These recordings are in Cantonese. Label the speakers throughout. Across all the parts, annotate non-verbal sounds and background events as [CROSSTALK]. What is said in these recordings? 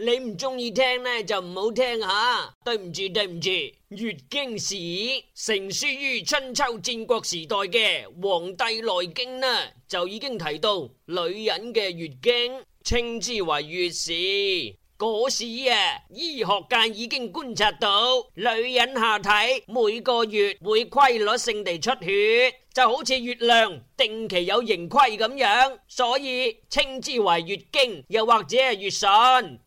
Speaker 1: 你唔中意聽呢，就唔好聽吓，對唔住對唔住。月經史成書於春秋戰國時代嘅《黃帝內經》呢，就已經提到女人嘅月經，稱之為月事。嗰時啊，醫學界已經觀察到女人下體每個月會規律性地出血，就好似月亮定期有盈虧咁樣，所以稱之為月經，又或者係月信。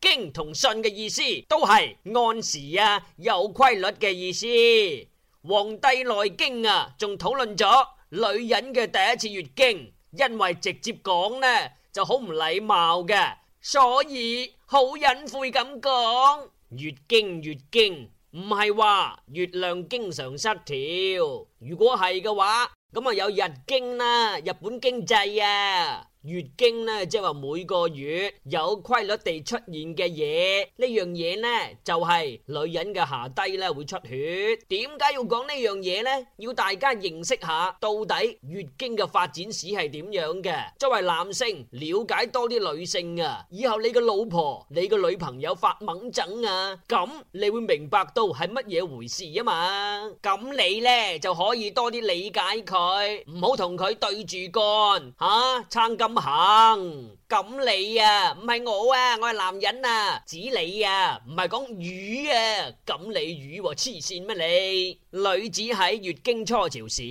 Speaker 1: 經同信嘅意思都係按時啊，有規律嘅意思。意思《黃帝內經》啊，仲討論咗女人嘅第一次月經，因為直接講呢就好唔禮貌嘅，所以。好隱晦咁講，月經，月經唔係話月亮經常失調，如果係嘅話，咁咪有日經啦，日本經濟啊。月經呢，即係話每個月有規律地出現嘅嘢，呢樣嘢呢，就係、是、女人嘅下低呢會出血。點解要講呢樣嘢呢？要大家認識下到底月經嘅發展史係點樣嘅。作為男性，了解多啲女性啊，以後你個老婆、你個女朋友發猛症啊，咁你會明白到係乜嘢回事啊嘛。咁你呢，就可以多啲理解佢，唔好同佢對住乾吓、啊，撐咁。唔行，咁你啊，唔係我啊，我係男人啊，指你啊，唔係講魚啊，咁你魚，黐線咩你？女子喺月經初潮時，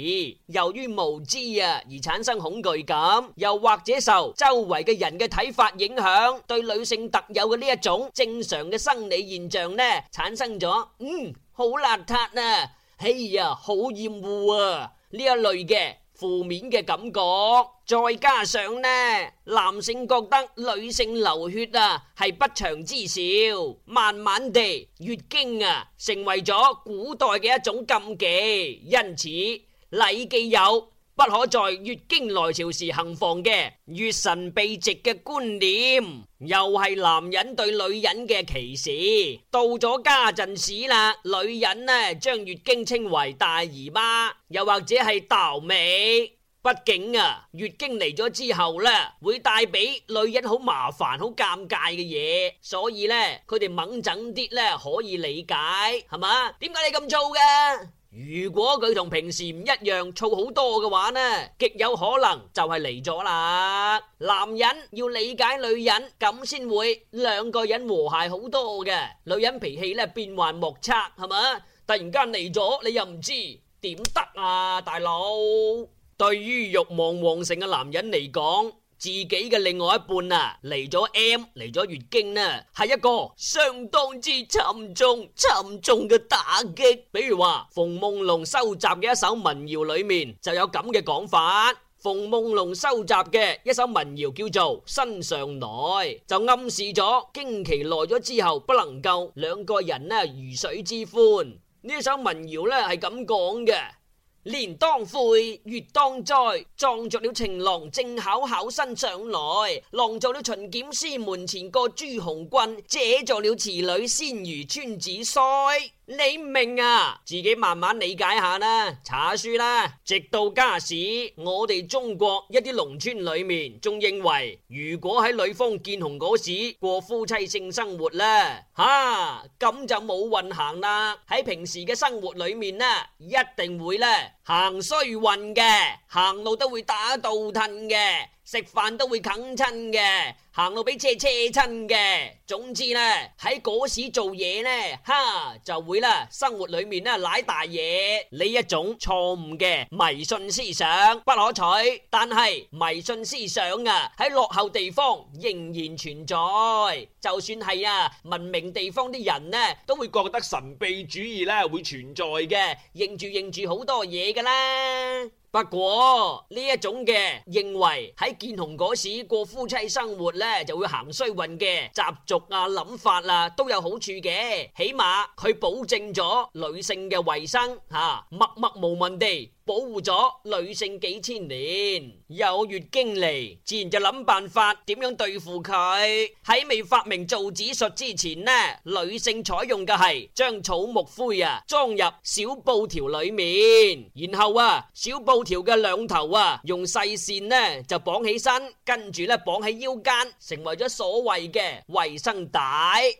Speaker 1: 由於無知啊而產生恐懼感，又或者受周圍嘅人嘅睇法影響，對女性特有嘅呢一種正常嘅生理現象呢，產生咗，嗯，好邋遢啊，哎呀，好厭惡啊，呢一類嘅。負面嘅感覺，再加上呢，男性覺得女性流血啊係不祥之兆，慢慢地月經啊成為咗古代嘅一種禁忌，因此禮記有。不可在月經來潮時行房嘅月神避席嘅觀念，又係男人對女人嘅歧視。到咗家陣時啦，女人呢將月經稱為大姨媽，又或者係豆尾。畢竟啊，月經嚟咗之後呢，會帶俾女人好麻煩、好尷尬嘅嘢，所以呢，佢哋猛整啲呢，可以理解，係嘛？點解你咁做嘅？如果佢同平時唔一樣躁好多嘅話呢，極有可能就係嚟咗啦。男人要理解女人咁先會兩個人和諧好多嘅。女人脾氣咧變幻莫測，係咪啊？突然間嚟咗，你又唔知點得啊，大佬。對於慾望旺盛嘅男人嚟講，自己嘅另外一半啊，嚟咗 M 嚟咗月經啊，係一個相當之沉重沉重嘅打擊。比如話馮夢龍收集嘅一首民謠裏面就有咁嘅講法。馮夢龍收集嘅一首民謠叫做《身上來》，就暗示咗經期來咗之後不能夠兩個人呢魚水之歡。呢一首民謠咧係咁講嘅。年當悔，月當災，撞着了情郎正巧考身上來，郎做了巡檢司門前個朱紅棍，姐做了詞女先如穿子腮。你唔明啊，自己慢慢理解下啦，查下書啦。直到家時，我哋中國一啲農村裏面，仲認為如果喺女方見紅嗰時過夫妻性生活呢，吓咁就冇運行啦。喺平時嘅生活裏面呢，一定會呢，行衰運嘅，行路都會打倒褪嘅。食飯都會啃親嘅，行路俾車車親嘅，總之呢，喺嗰時做嘢呢，哈就會啦。生活裏面咧，賴大嘢呢一種錯誤嘅迷信思想不可取，但係迷信思想啊喺落後地方仍然存在，就算係啊文明地方啲人呢，都會覺得神秘主義咧會存在嘅，認住認住好多嘢噶啦。不過呢一種嘅認為喺見紅嗰時過夫妻生活咧就會行衰運嘅習俗啊諗法啦、啊，都有好處嘅，起碼佢保證咗女性嘅衛生、啊、默默乜無問題。保護咗女性幾千年，有月經嚟，自然就諗辦法點樣對付佢。喺未發明造紙術之前呢，女性採用嘅係將草木灰啊，裝入小布條裏面，然後啊小布條嘅兩頭啊用細線呢就綁起身，跟住呢綁喺腰間，成為咗所謂嘅衛生帶。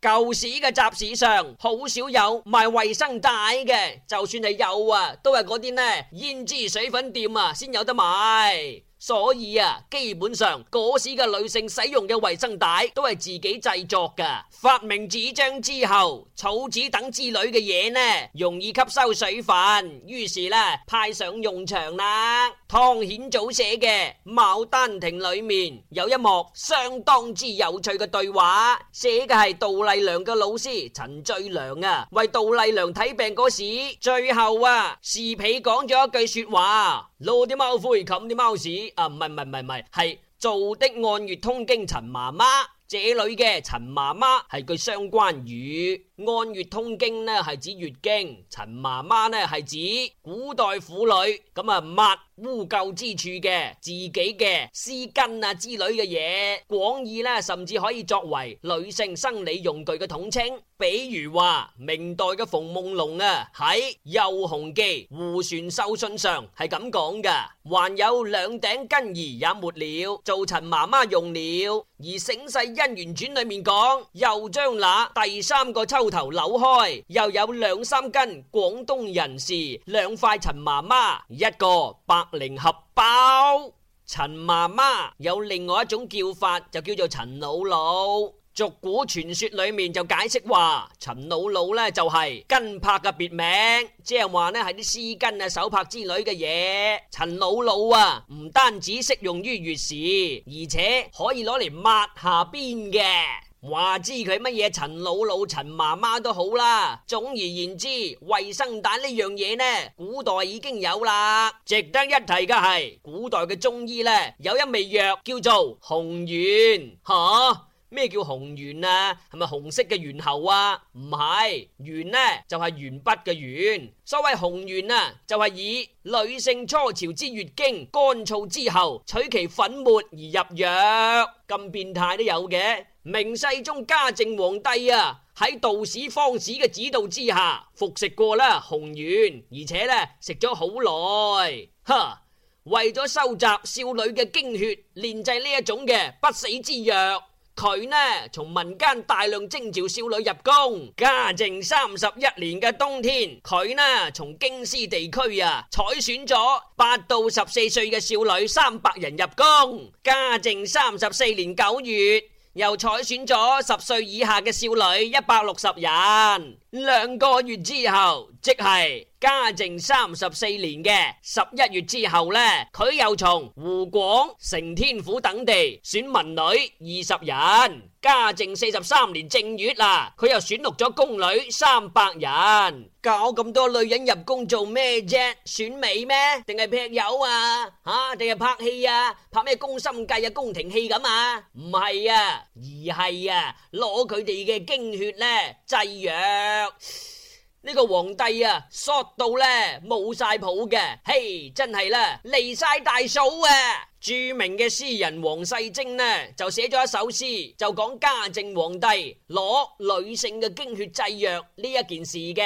Speaker 1: 舊時嘅集市上好少有賣衛生帶嘅，就算係有啊，都係嗰啲呢煙。芝水粉店啊，先有得賣。所以啊，基本上嗰時嘅女性使用嘅衛生帶都係自己製作噶。發明紙張之後，草紙等之類嘅嘢，呢，容易吸收水分，於是呢派上用場啦。湯顯祖寫嘅《牡丹亭》裏面有一幕相當之有趣嘅對話，寫嘅係杜麗娘嘅老師陳最良啊，為杜麗娘睇病嗰時，最後啊，侍婢講咗一句說話：撈啲貓灰，冚啲貓屎。啊，唔係唔係唔係，係做的按月通經陳媽媽，這裏嘅陳媽媽係句相關語。按月通經呢，係指月經；陳媽媽呢，係指古代婦女咁啊，抹污垢之處嘅自己嘅絲巾啊之類嘅嘢。廣義呢，甚至可以作為女性生理用具嘅統稱。比如話明代嘅馮夢龍啊，喺《又紅記》《湖船修信》上係咁講嘅。還有兩頂根兒也沒了，做陳媽媽用了。而《醒世姻緣傳》裏面講，又將那第三個秋。頭扭開，又有兩三根廣東人士兩塊陳媽媽，一個白靈盒包。陳媽媽有另外一種叫法，就叫做陳老老。俗古傳說裏面就解釋話，陳老老呢就係巾帕嘅別名，即係話呢係啲絲巾啊、手帕之類嘅嘢。陳老老啊，唔單止適用於月事，而且可以攞嚟抹下邊嘅。話知佢乜嘢？陳姥姥、陳媽媽都好啦。總而言之，衛生蛋呢樣嘢呢，古代已經有啦。值得一提嘅係古代嘅中醫呢，有一味藥叫做紅鉛，吓、啊、咩叫紅鉛啊？係咪紅色嘅丸喉啊？唔係丸呢，就係鉛筆嘅鉛。所謂紅鉛啊，就係、是、以女性初潮之月經乾燥之後，取其粉末而入藥。咁變態都有嘅。明世宗嘉靖皇帝啊，喺道士方士嘅指導之下，服食過啦紅丸，而且咧食咗好耐。哈，為咗收集少女嘅經血，煉製呢一種嘅不死之藥，佢呢從民間大量徵召少女入宮。嘉靖三十一年嘅冬天，佢呢從京師地區啊，採選咗八到十四歲嘅少女三百人入宮。嘉靖三十四年九月。又採選咗十歲以下嘅少女一百六十人。兩個月之後，即係嘉靖三十四年嘅十一月之後呢，佢又從湖廣、承天府等地選民女二十人。嘉靖四十三年正月啦，佢又選錄咗宮女三百人。搞咁多女人入宮做咩啫？選美咩？定係劈友啊？吓？定係拍戲啊？拍咩宮心計嘅宮廷戲咁啊？唔係啊，啊，而係啊，攞佢哋嘅經血呢，製藥。呢個皇帝啊，索到呢，冇晒譜嘅，嘿，真係呢，離晒大數啊！著名嘅詩人王世貞呢，就寫咗一首詩，就講嘉靖皇帝攞女性嘅經血製藥呢一件事嘅。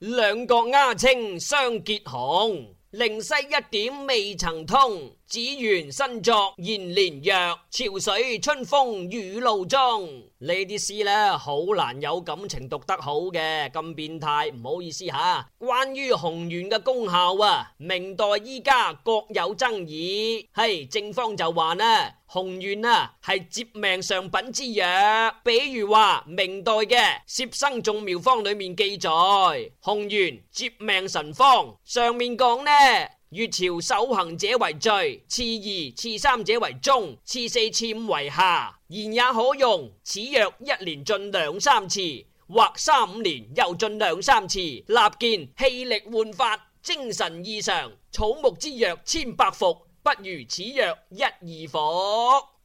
Speaker 1: 兩國鴉青相結紅，靈犀一點未曾通。紫園新作，延年藥，潮水春風雨露中。呢啲詩呢，好難有感情讀得好嘅，咁變態，唔好意思吓、啊。關於紅鉛嘅功效啊，明代依家各有爭議。嘿，正方就話呢，紅鉛啊係接命上品之藥。比如話明代嘅《攝生眾妙方》裏面記載紅鉛接命神方，上面講呢。月朝守行者為最，次二、次三者為中，次四、次五為下。然也可用。此藥一年進兩三次，或三五年又進兩三次。立見氣力煥發，精神異常。草木之藥千百服，不如此藥一二服。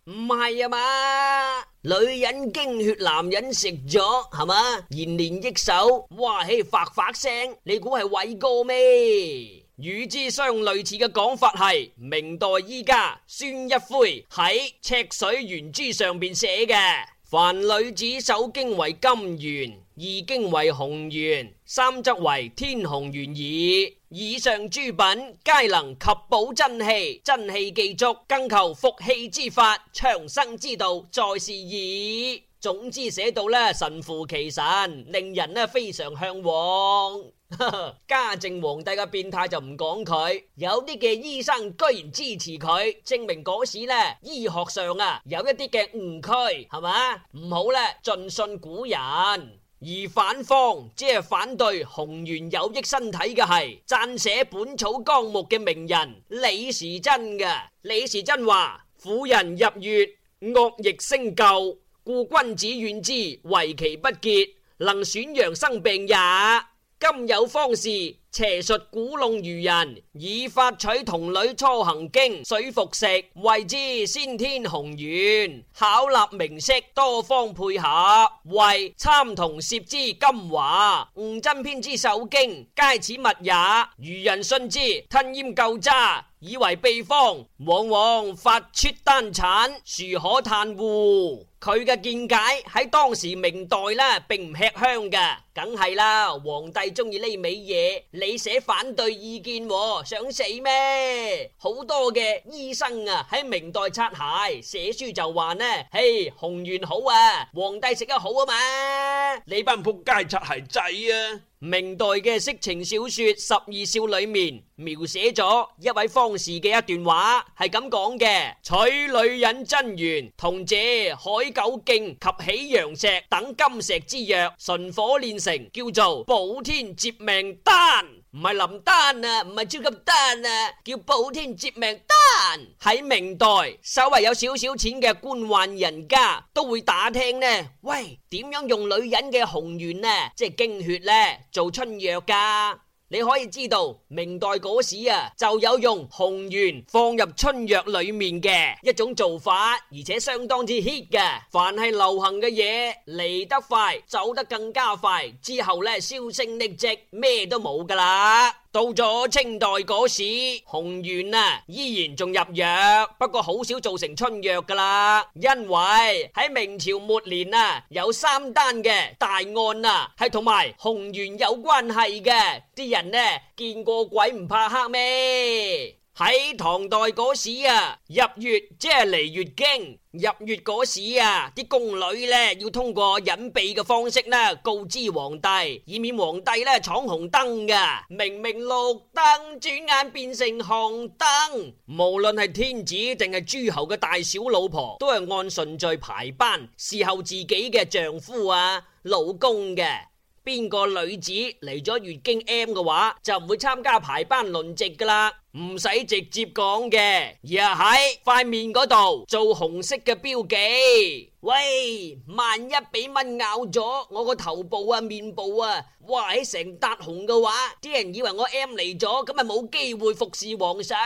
Speaker 1: 唔係啊嘛，女人經血，男人食咗係嘛？延年益壽，哇嘿，起發發聲，你估係偉哥咩？與之相類似嘅講法係明代醫家孫一奎喺《赤水玄珠》上邊寫嘅：凡女子首經為金元，二經為紅元，三則為天紅元耳。以上諸品皆能及補真氣，真氣既足，更求服氣之法，長生之道在是矣。總之寫到咧，神乎其神，令人咧非常向往。嘉 [LAUGHS] 靖皇帝嘅變態就唔講佢，有啲嘅醫生居然支持佢，證明嗰時呢醫學上啊有一啲嘅誤區，係嘛唔好呢，盡信古人。而反方即係反對紅丸有益身體嘅係撰寫《本草綱目》嘅名人李時珍嘅。李時珍話：婦人入月惡疫，升舊。故君子遠之，為其不潔，能損陽生病也。今有方士邪術鼓弄愚人，以法取童女初行經水服食，謂之先天紅鉛。巧立名色，多方配合，為參同攝之金華、悟真篇之首經，皆此物也。愚人信之，吞咽垢渣。以為秘方，往往發出單產，殊可嘆乎？佢嘅見解喺當時明代咧，並唔吃香噶，梗係啦。皇帝中意呢味嘢，你寫反對意見，哦，想死咩？好多嘅醫生啊，喺明代擦鞋寫書就話呢，嘿，紅丸好啊，皇帝食得好啊嘛，你班僕街擦鞋仔啊！明代嘅色情小說《十二少》裏面描寫咗一位方士嘅一段話，係咁講嘅：取女人真元，同借海狗精及喜羊石等金石之藥，純火煉成，叫做保天接命丹。唔係林丹啊，唔係超級丹啊，叫補天接命丹。喺明代，稍為有少少錢嘅官宦人家都會打聽呢喂，點樣用女人嘅紅鉛呢？即係經血呢，做春藥噶？你可以知道，明代嗰時啊就有用紅鉛放入春藥裏面嘅一種做法，而且相當之 hit 嘅。凡係流行嘅嘢，嚟得快，走得更加快，之後呢，銷聲匿跡，咩都冇㗎喇。到咗清代嗰時，紅丸啊依然仲入藥，不過好少造成春藥噶啦，因為喺明朝末年啊有三單嘅大案啊係同埋紅丸有關係嘅，啲人呢見過鬼唔怕黑咩？喺唐代嗰時啊，入月即係嚟月經。入月嗰時啊，啲宮女咧要通過隱蔽嘅方式咧告知皇帝，以免皇帝咧闖紅燈㗎。明明綠燈，轉眼變成紅燈。無論係天子定係諸侯嘅大小老婆，都係按順序排班伺候自己嘅丈夫啊老公嘅。邊個女子嚟咗月經 M 嘅話，就唔會參加排班輪值噶啦。唔使直接講嘅，而係喺塊面嗰度做紅色嘅標記。喂，萬一俾蚊咬咗，我個頭部啊、面部啊，哇，起成笪紅嘅話，啲人以為我 M 嚟咗，咁咪冇機會服侍皇上？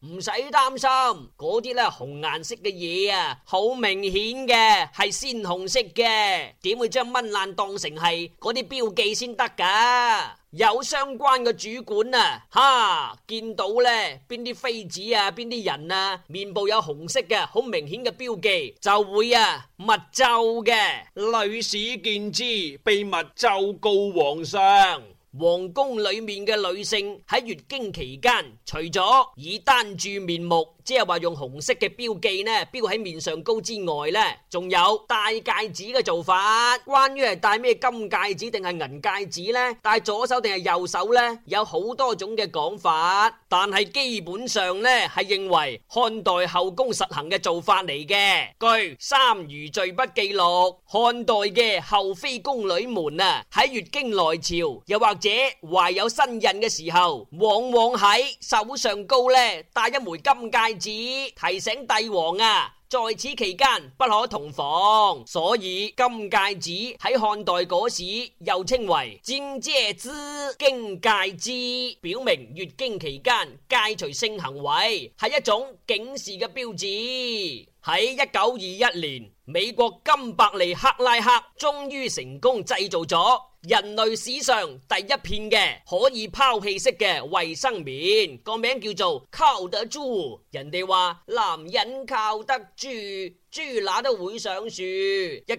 Speaker 1: 唔使擔心，嗰啲咧紅顏色嘅嘢啊，好明顯嘅係鮮紅色嘅，點會將蚊爛當成係嗰啲標記先得噶？有相關嘅主管啊，哈！見到咧邊啲妃子啊，邊啲人啊，面部有紅色嘅好明顯嘅標記，就會啊密奏嘅。女史見之，秘密奏告皇上。皇宮裏面嘅女性喺月經期間，除咗以單注面目，即係話用紅色嘅標記呢，標喺面上高之外呢，仲有戴戒指嘅做法。關於係戴咩金戒指定係銀戒指呢？戴左手定係右手呢？有好多種嘅講法，但係基本上呢係認為漢代後宮實行嘅做法嚟嘅。據《三餘贅筆》記錄，漢代嘅后妃宮女們啊，喺月經來潮又話。或者懷有身孕嘅時候，往往喺手上高呢戴一枚金戒指，提醒帝王啊，在此期間不可同房。所以金戒指喺漢代嗰時又稱為“占戒之經戒指”，表明月經期間戒除性行為，係一種警示嘅標誌。喺一九二一年，美國金伯利克拉克終於成功製造咗人類史上第一片嘅可以拋棄式嘅衛生棉，個名叫做靠得住。人哋話男人靠得住。豬乸都會上樹。一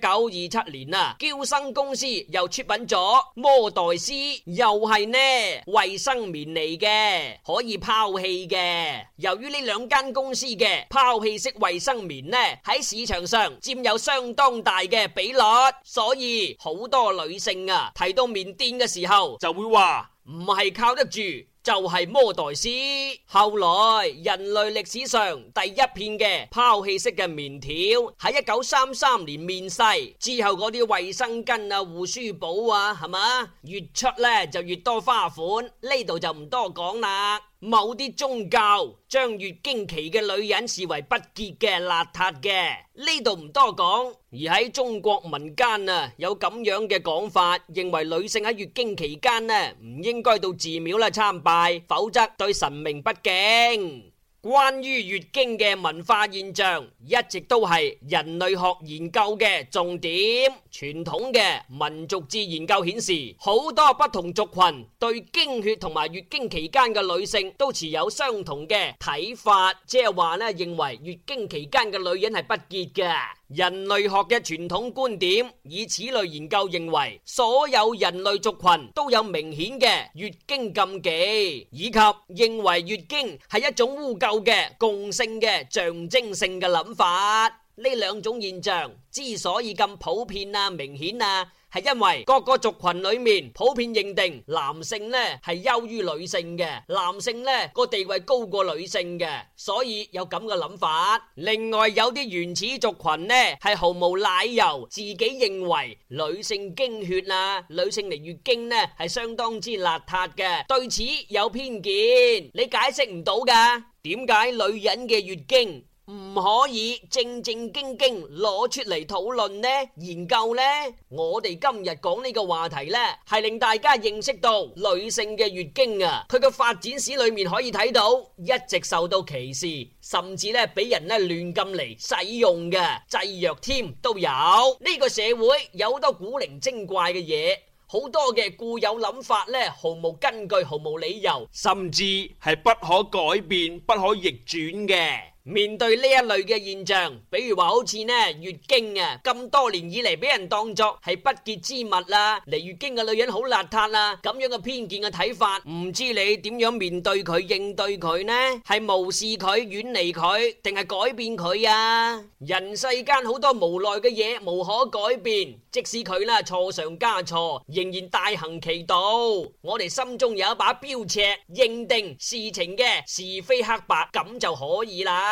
Speaker 1: 九二七年啊，嬌生公司又出品咗摩代斯，又係呢衛生棉嚟嘅，可以拋棄嘅。由於呢兩間公司嘅拋棄式衛生棉呢喺市場上佔有相當大嘅比率，所以好多女性啊提到棉墊嘅時候就會話唔係靠得住。就係摩代斯，後來人類歷史上第一片嘅拋棄式嘅棉條喺一九三三年面世之後，嗰啲衛生巾啊、護舒寶啊，係咪越出呢就越多花款，呢度就唔多講啦。某啲宗教將月經期嘅女人視為不潔嘅、邋遢嘅，呢度唔多講。而喺中國民間啊，有咁樣嘅講法，認為女性喺月經期間呢、啊，唔應該到寺廟啦參拜，否則對神明不敬。關於月經嘅文化現象，一直都係人類學研究嘅重點。傳統嘅民族志研究顯示，好多不同族群對經血同埋月經期間嘅女性都持有相同嘅睇法，即係話呢，認為月經期間嘅女人係不潔嘅。人類學嘅傳統觀點，以此類研究認為，所有人類族群都有明顯嘅月經禁忌，以及認為月經係一種污垢嘅、共性嘅、象徵性嘅諗法。呢兩種現象之所以咁普遍啊、明顯啊，係因為各個族群裏面普遍認定男性呢係優於女性嘅，男性呢個地位高過女性嘅，所以有咁嘅諗法。另外有啲原始族群呢係毫無理由，自己認為女性經血啊、女性嚟月經呢係相當之邋遢嘅，對此有偏見，你解釋唔到噶？點解女人嘅月經？唔可以正正經經攞出嚟討論，呢研究呢，我哋今日講呢個話題呢，係令大家認識到女性嘅月經呀，佢個發展史裏面可以睇到一直受到歧視，甚至呢俾人呢亂咁嚟使用嘅制約添。都有呢個社會有好多古靈精怪嘅嘢，好多嘅固有諗法呢，毫無根據，毫無理由，甚至係不可改變不可逆轉嘅。面對呢一類嘅現象，比如話好似呢月經啊，咁多年以嚟俾人當作係不潔之物啦，嚟月經嘅女人好邋遢啦，咁樣嘅偏見嘅睇法，唔知你點樣面對佢、應對佢呢？係無視佢、遠離佢，定係改變佢啊？人世間好多無奈嘅嘢無可改變，即使佢啦錯上加錯，仍然大行其道。我哋心中有一把標尺，認定事情嘅是非黑白，咁就可以啦。